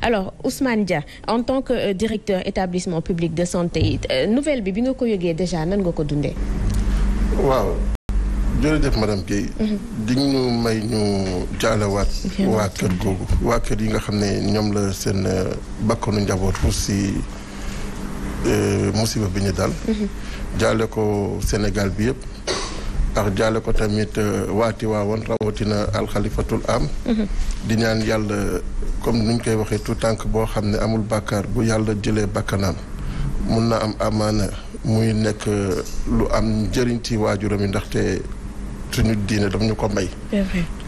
alors Ousmane Dia en tant que euh, directeur établissement public de santé euh, nouvelle bi bi nga ko déjà nan nga ko dundé. waaw def madame Guèye. Mhm. di ñu may ñu jaalewaat. Mhm. waa kër googu waa kër yi nga xamné ñom la seen euh, bakkanu njaboot si musiba bi ñu dal. Mhm. jaale ko Sénégal bi yépp. ak jaale ko tamit waati euh, waawoon rawatina alxalifatul am mhm. di ñaan yàlla comme nuñ koy waxee tout tànk boo xam ne amul bàkkaar bu yàlla jëlee bàkkanaam mun na am amaana muy nekk euh, lu am njëriñ ci waajuram yi ndaxte suñu diine daf ñu ko may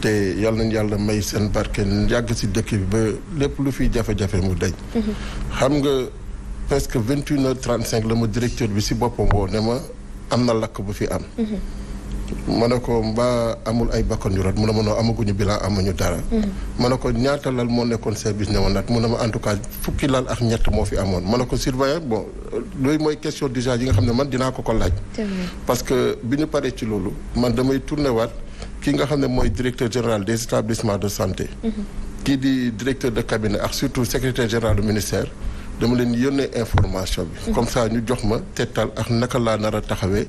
te yal nañ yàlla may seen barke yàgg si dëkk bi ba lépp lu fi jafe-jafe mu deñ mhm. xam nga presque vingt et une heures trente cinq la ma directeur bi si boppam woo ne ma am na lakk bu fi am mhm. ma ne ko mbaa amul ay bakkan yu rot mu ne ma noo amaguñu bilan amuñu dara. Mm-hmm. ma ne ko ñaata lal moo nekkoon service ñëwoon naat mu ne ma en tout cas fukki lal ak ñett moo fi amoon ma ne ko surveillant bon loolu mooy question déjà yi nga xam ne man dinaa ko ko laaj. parce que bi ñu paree ci loolu man damay tourné waat ki nga xam ne mooy directeur général des établissements de santé. Mm-hmm. kii di directeur de cabinet ak surtout secrétaire général ministère. dama leen yónnee information bi. Mm-hmm. comme ça ñu jox ma tettal ak naka laa nar a taxawee.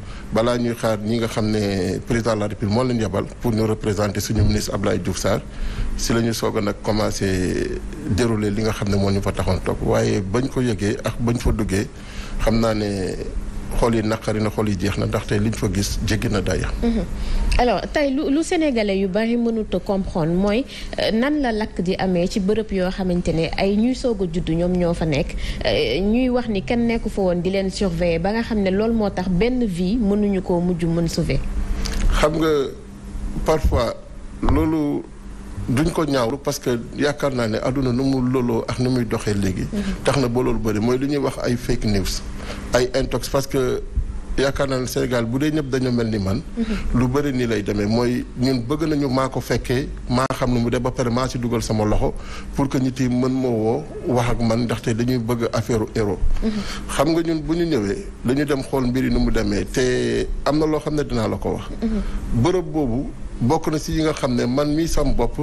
balaa ñuy xaar ñi nga xam ne président la république moo leen yebal pour ñu représenter suñu ministre Abdoulaye Diouf Sarr si la ñu soog a nag commencé dérouler li nga xam ne moo ñu fa taxoon toog waaye bañ ko yëgee ak bañ fa duggee xam naa ne xool yi naqari na xool yi jeex na ndaxte liñ fa gis jéggi na daya. Mhm. alors tey lu lu sénégalais yu bari mënut a mooy euh, nan la lakk di amee ci bërëb yoo xamante ne ay ñuy soog juddu ñoom ñoo fa nekk euh, ñuy wax ni kenn nekku fa woon di leen surveiller ba nga xam ne loolu moo tax benn vie mënuñu koo mujj mën sauver. xam nga parfois loolu. duñ ko ñaawlu parce que yaakaar naa ne àdduna nu mu loloo ax nu muy doxee léegi. tax na ba loolu bëri mooy lu ñuy wax ay fake news ay intox parce que yaakaar naa ne Sénégal bu dee ñëpp dañu mel ni man. lu bëri ni lay demee mooy ñun bëgg nañu maa ko fekkee maa xam ne mu de ba pare maa si dugal sama loxo pour que nit yi mën moo woo wax ak man ndaxte dañuy bëgg affaire héros xam nga ñun bu ñu ñëwee dañu dem xool mbir yi nu mu demee te am na loo xam ne dinaa la ko wax. boobu. bokk na si yi nga xam ne man mii sam bopp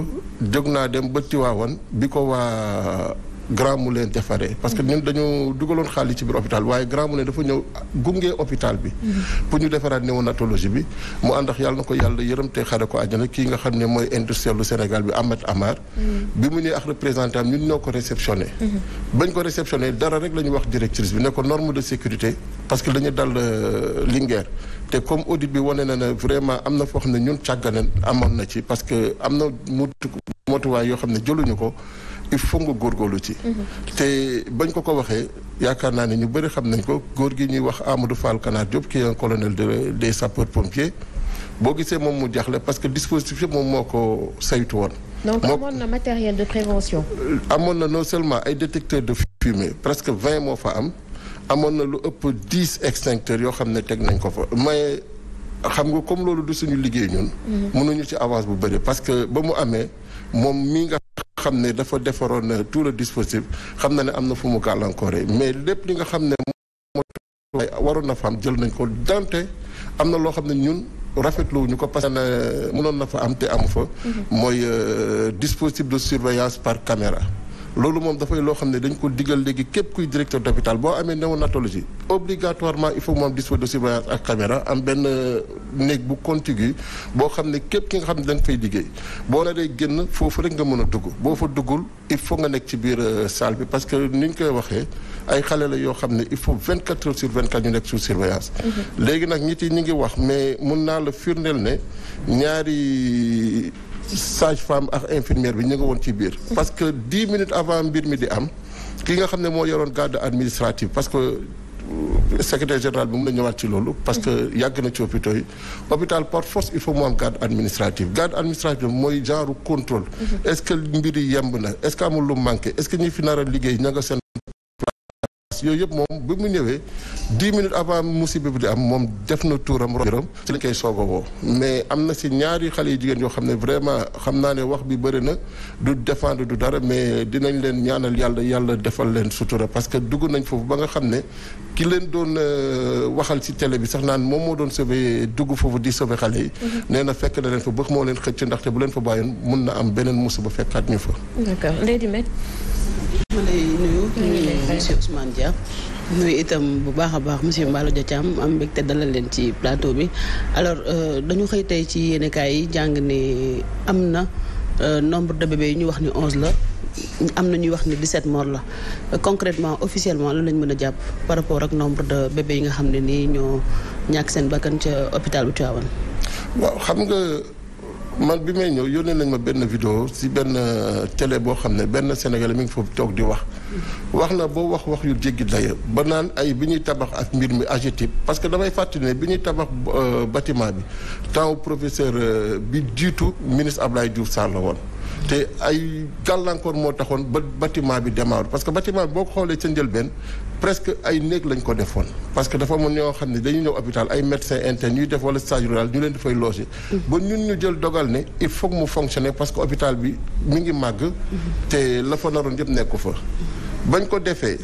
jóg naa dem ba waawan bi ko waa Grand Moulin defaree parce que ñun dañu dugaloon xali ci biir hôpital waye Grand Moulin dafa ñëw gungé hôpital bi mhm. pour ñu defaraat néonatologie bi mu en ak yàlla na ko yàlla te ko àjjana ki nga xamné moy industriel du Sénégal bi Ahmed Amar mhm. bi mu nee ak représentant ñun ñoo réceptionné mhm. bañ ko réceptionné dara rek la wax directrice bi norme de sécurité parce que dañu dal euh, l'inger, té comme audit bi woné na vraiment vraiment am na foo xam ne ñun na ci parce que amna mutu motu motuwaay yo xamné ko il faut nga góorgóorlu ci. Mhm. té bañ ko ko waxé yaakaar naa ne ñu bëri xam nañ ko góor gi ñuy wax Amadou Fall Kanaar job qui est un colonel de des sapeurs pompiers bo gisee mom mu jaxlé parce que dispositif yëpp moom moo saytu won donc amoon na matériel de prévention. Euh, amoon na non seulement ay détecteurs de fumée presque 20 mo fa am amoon na lu ëpp 10 extincteurs yo xamné ne nañ ko fa mais xam nga comme lolu du suñu liggéey ñun. Mhm. mënuñu ci avance bu bëri parce que ba mu amé mom mi nga xam ne dafa defaroon tout le dispositif xam na ne am na fu mu gàllankoore mais lépp li nga xam ne moo waroon na fa am jël nañ ko dante am na loo xam ne ñun rafetlu ñu ko parce que mënoon na fa am te amu fa mhm. mooy euh, dispositif de surveillance par caméra loolu moom dafay loo xam ne dañ ko digal léegi képp kuy directeur d'hôpital boo amee néonatologie obligatoirement il faut moom dispositif de surveillance ak caméra am benn euh, néeg bu contigu boo xam ne képp ki nga xam ne da nga fay liggéey boo na dee génn foofu rek nga mën a dugg boo fa duggul il faut nga nekk ci biir euh, salle bi parce que ni ñu koy waxee ay xale la yoo xam ne il faut 24 heures sur 24 ñu nekk sous surveillance. Mhm. léegi nag ñi ci ñu ngi wax mais mun naa la firndeel ne ñaari. sage femme ak infirmière bi ñu nga woon ci biir. parce que dix minutes avant mbir mi di am ki nga xam ne moo yoroon garde administrative parce que. Euh, secrétaire général bi mun na ñëwaat ci loolu parce que yàgg na ci hôpitaux yi hôpital par force il faut mu am garde administrative garde administrative mooy genre contrôle mhm. est-ce que mbir yi yemb na est-ce que amul lu manqué est-ce que ñi fi nar liggéey ña nga seen menaces yooyu yëpp moom bi mu ñëwee dix minutes avant musiba bi di am moom def na tuuram robiram ci lañ koy soog a woo mais am na si ñaari xale yu jigéen yoo xam ne vraiment xam naa ne wax bi bëri na du défendre du dara mais dinañ leen ñaanal yàlla yàlla defal leen sutura parce que dugg nañ foofu ba nga xam ne ki leen doon euh, waxal ci télé bi sax naan moom moo doon sauver dugg foofu di sauver xale yi. Mm-hmm. nee na fekk na leen fa bëx moo leen xëcc ndaxte bu leen fa bàyyoon mun na am beneen musiba fekkaat ñu fa. Ndiaye si Ousmane Dia itam bu baax a baax monsieur Mballo Dia Thiam am mbégte dalal leen ci plateau bi alors euh, dañu xëy tey ci yéenekaay yi jàng ni am na euh, nombre de bébés yi ñu wax ni onze la am na ñuy wax ni 17 morts la concrètement officiellement lan lañ mën a jàpp par rapport ak nombre de bébés yi nga xam ne nii ñoo ñàkk seen bakkan ca hôpital bu Tivaouane waaw xam nga man bi may ñëw yónnee nañ ma benn video si benn euh, télé boo xam ne benn sénégal mi ngi foofu toog di wax wax na boo wax wax yu jéggi daya ba naan ay bi ñuy tabax ak mbir mi AGETIP parce que damay fàttali ne bi ñuy tabax euh, batiment bi temps professeur euh, bi jiitu ministre ab laay Sarr la woon te ay gàllankoor moo taxoon ba batiment bi démarre parce que bâtiment bi boo xoolee ca njëlbeen presque ay néeg lañ ko defoon. parce que dafa amoon ñoo xam ne dañuy ñëw hôpital ay médecins internes ñuy def wala stage rural ñu leen dafay loger. ba ñun ñu jël dogal ne il faut mu fonctionner parce que hôpital bi mu ngi màgg. te la fa naroon yëpp nekku fa. bañ ko defee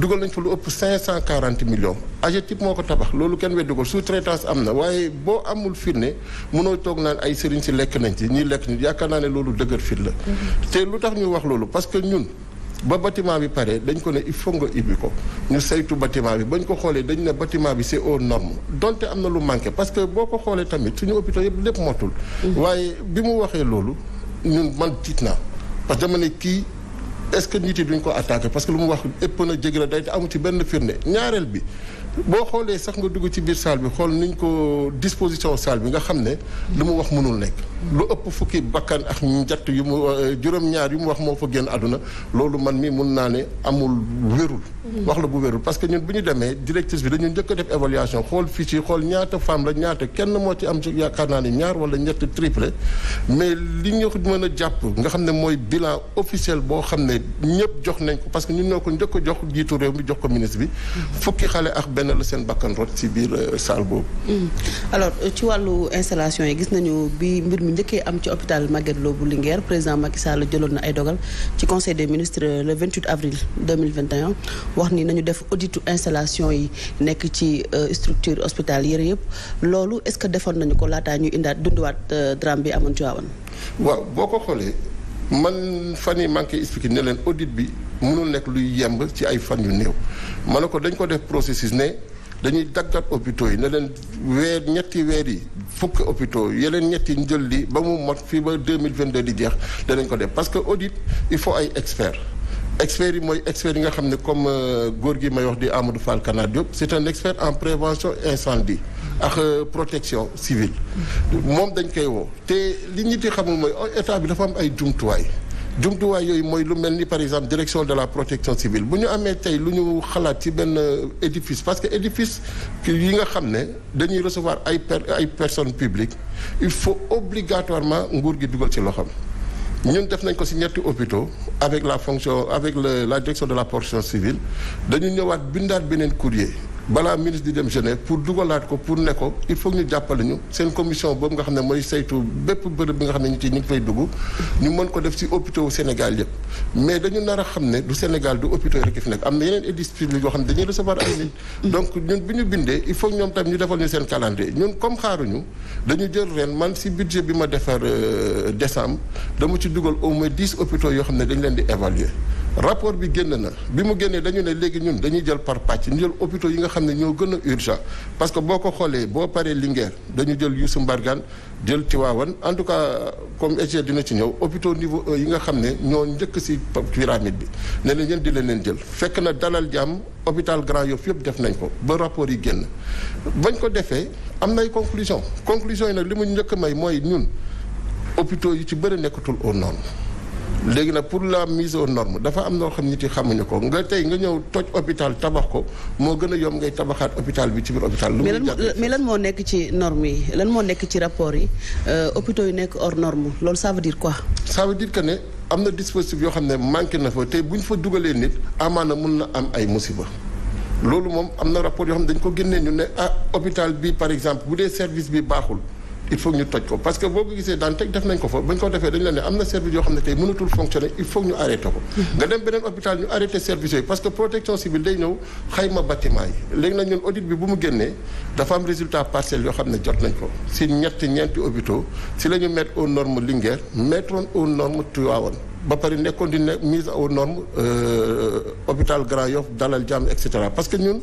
dugal nañ fa lu ëpp 540 millions AGETIP moo ko tabax loolu kenn weddi ko sous-traitance am na waaye boo amul firnde mënoo toog naan ay sëriñ si lekk nañ ci ñii lekk ñu yaakaar naa ne loolu dëgër fit la. Mhm. te lu tax ñu wax loolu parce que ñun. ba bâtiment bi pare dañ ko ne il faut nga ibbi ko ñu saytu bâtiment bi bañ ko xoolee dañ ne bâtiment bi c'est aux normes donte am na lu manqué parce que boo ko xoolee tamit suñu hôpital yëpp lépp motul. Mhm. waaye bi mu waxee loolu ñun man tiit naa parce que dama ne kii. est-ce que nit yi duñ ko attaqué parce que lu mu wax ëpp na jéggi la day te amu ci benn firnde ñaareel bi boo xoolee sax nga dugg ci biir salle bi xool niñ ko disposition saal bi nga xam ne lu mu wax mënul nekk lu ëpp fukki bakkan ak njatt yu mu euh, juróom-ñaar yu mu wax moo fa génn àdduna loolu man mii mun naa ne amul wérul wax la bu wérul parce que ñun bu ñu demee directrice bi dañu njëkk def évaluation xool fii ci xool ñaata femme la ñaata kenn moo ci am ci yaakaar naa ne ñaar wala ñett triplé mais li ñu mën a jàpp nga xam ne mooy bilan officiel boo xam ne te ñëpp jox nañ ko parce que ñun ñoo ko njëkk jox jiitu réew mi jox ko ministre bi. fukki xale ak benn la seen bakkan rot ci biir euh, salle boobu. Mm. alors euh, ci wàllu installation yi gis nañu bi mbir mi njëkkee am ci hôpital Magatte Lô bu Linguère président Macky Sall jëloon na ay dogal ci conseil des ministres euh, le 28 avril 2021 wax ni nañu def auditu installation yi nekk ci structure hospitalière yëpp loolu est-ce que defoon nañu ko laataa ñu indaat dunduwaat drame bi amoon ci waawan. waaw boo ko xoolee. man fan yi maa ngi expliqué ne leen audit bi mënul nekk luy yemb ci ay fan yu néew ma ne ko dañ ko def processus ne dañuy daggat hôpitaux yi ne leen weer ñetti weer yi fukki hôpitaux yeneen ñetti njël li ba mu mot fii ba 2022 di jeex danañ ko def parce que audit il faut ay experts experts yi mooy experts yi nga xam ne comme euh, góor gi may wax di Amadou Fall Kana Diop c'est un expert en prévention incendie la euh, protection civile moom dañ koy woo li oh, état bi dafa am ay par exemple direction de la protection civile ci euh, édifice parce que édifice yi nga xam dañuy recevoir ay personnes publiques il faut obligatoirement nguur ci ñun def nañ ko ñetti avec la fonction avec direction de la protection civile dañu ñëwaat bindaat beneen courrier bala ministre di dem Genève pour dougalat ko pour ne ko il faut ñu jappal ñu seen commission boobu nga xamne moy saytu bépp bërëb bi nga xamne ñu ci ñu ngi fay dugg ñu mën ko def ci hôpitaux wu Sénégal yépp mais dañu nara xamne du Sénégal du hôpitaux rek fi nekk am yeneen édifices yoo yo xamne dañuy recevoir ay nit donc ñun bi bindé il faut ñom tam ñu defal ñu seen calendrier ñun comme xaruñu dañu jël ren man ci budget bi ma defar euh, décembre dama ci dugal au moins 10 hôpitaux yo xamne ne dañu leen di évaluer rapport bi génn na bi mu génnee dañu ne léegi ñun dañuy jël par pàcc njël jël yi nga xam ne ñoo gën a urgent parce que boo ko xoolee boo paree Linguère dañu jël Youssou Mbargane jël Tivaouane en tout cas comme EG dina ci ñëw hôpitaux niveau yi nga xam ne ñoo njëkk si pyramide bi ne na ñeen di leen leen jël fekk na dalal jàmm hôpital Grand Yoff yëpp def nañ ko ba rapport yi génn bañ ko defee am nay conclusion conclusion yi nag li mu njëkk may mooy ñun hôpitaux yi ci bëri nekkatul aux normes léegi nag pour la mise aux normes dafa am noo xam nit yi xamuñu ko nga tey nga ñëw toj hôpital tabax ko moo gën a yomb ngay tabaxaat hôpital bi ci biir hôpital. lu mais lan moo nekk ci normes yi lan moo nekk ci rapport yi euh, hôpitaux yu nekk hors norme loolu ça veut dire quoi. ça que ne am na dispositif yoo xam ne manqué na fa tey bu ñu fa dugalee nit amaana mun na am ay musiba. loolu moom am na rapport yoo xam ne dañ ko génnee ñu ne ah hôpital bi par exemple bu dee service bi baaxul. il faut ñu toj ko parce que boo ko gisee daan teg def nañ ko fa bañ ko defee dañ la ne am na service yoo xam ne tey mënatul fonctionner il faut ñu arrêté ko nga dem beneen hôpital ñu arrêté service yooyu parce que protection civile day ñëw xayma bâtiment yi léegi nag ñun audit bi bu mu génnee dafa am résultat partiel yoo xam ne jot nañ ko si ñetti ñeenti hôpitaux si la ñu mettre aux normes Linguère mettroon aux normes Tivaouane ba pare nekkoon di ne mise aux normes euh, hôpital Grand Yoff Dalal jam et cetera parce que ñun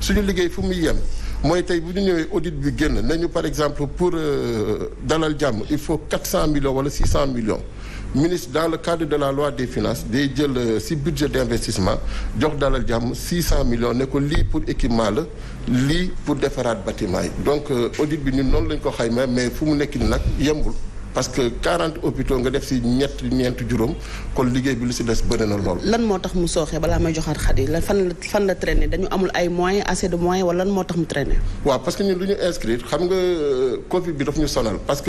suñu liggéey fu muy yem moi, je bu ñu audit bi génn par exemple pour euh, dalal Djam, il faut 400 millions wala 600 millions ministre dans le cadre de la loi des finances day jël euh, budget d'investissement jox dalal Djam, 600 millions ne ko lié pour équipement la li pour déferat bâtiment donc euh, audit bi ñun non lañ ko xayma mais fu mu nekk nak yembul. parce que 40 hôpitaux nga def si ñett ñeent juróom kon liggéey bi lu si des bëri na lool. lan moo tax mu sooxee balaa may joxaat xat yi fan la fan la traîner dañu amul ay moyens assez de wala lan moo tax mu traîner. waaw parce que ñun du ñu inscrire xam nga euh, Covid bi daf ñu sonal parce que.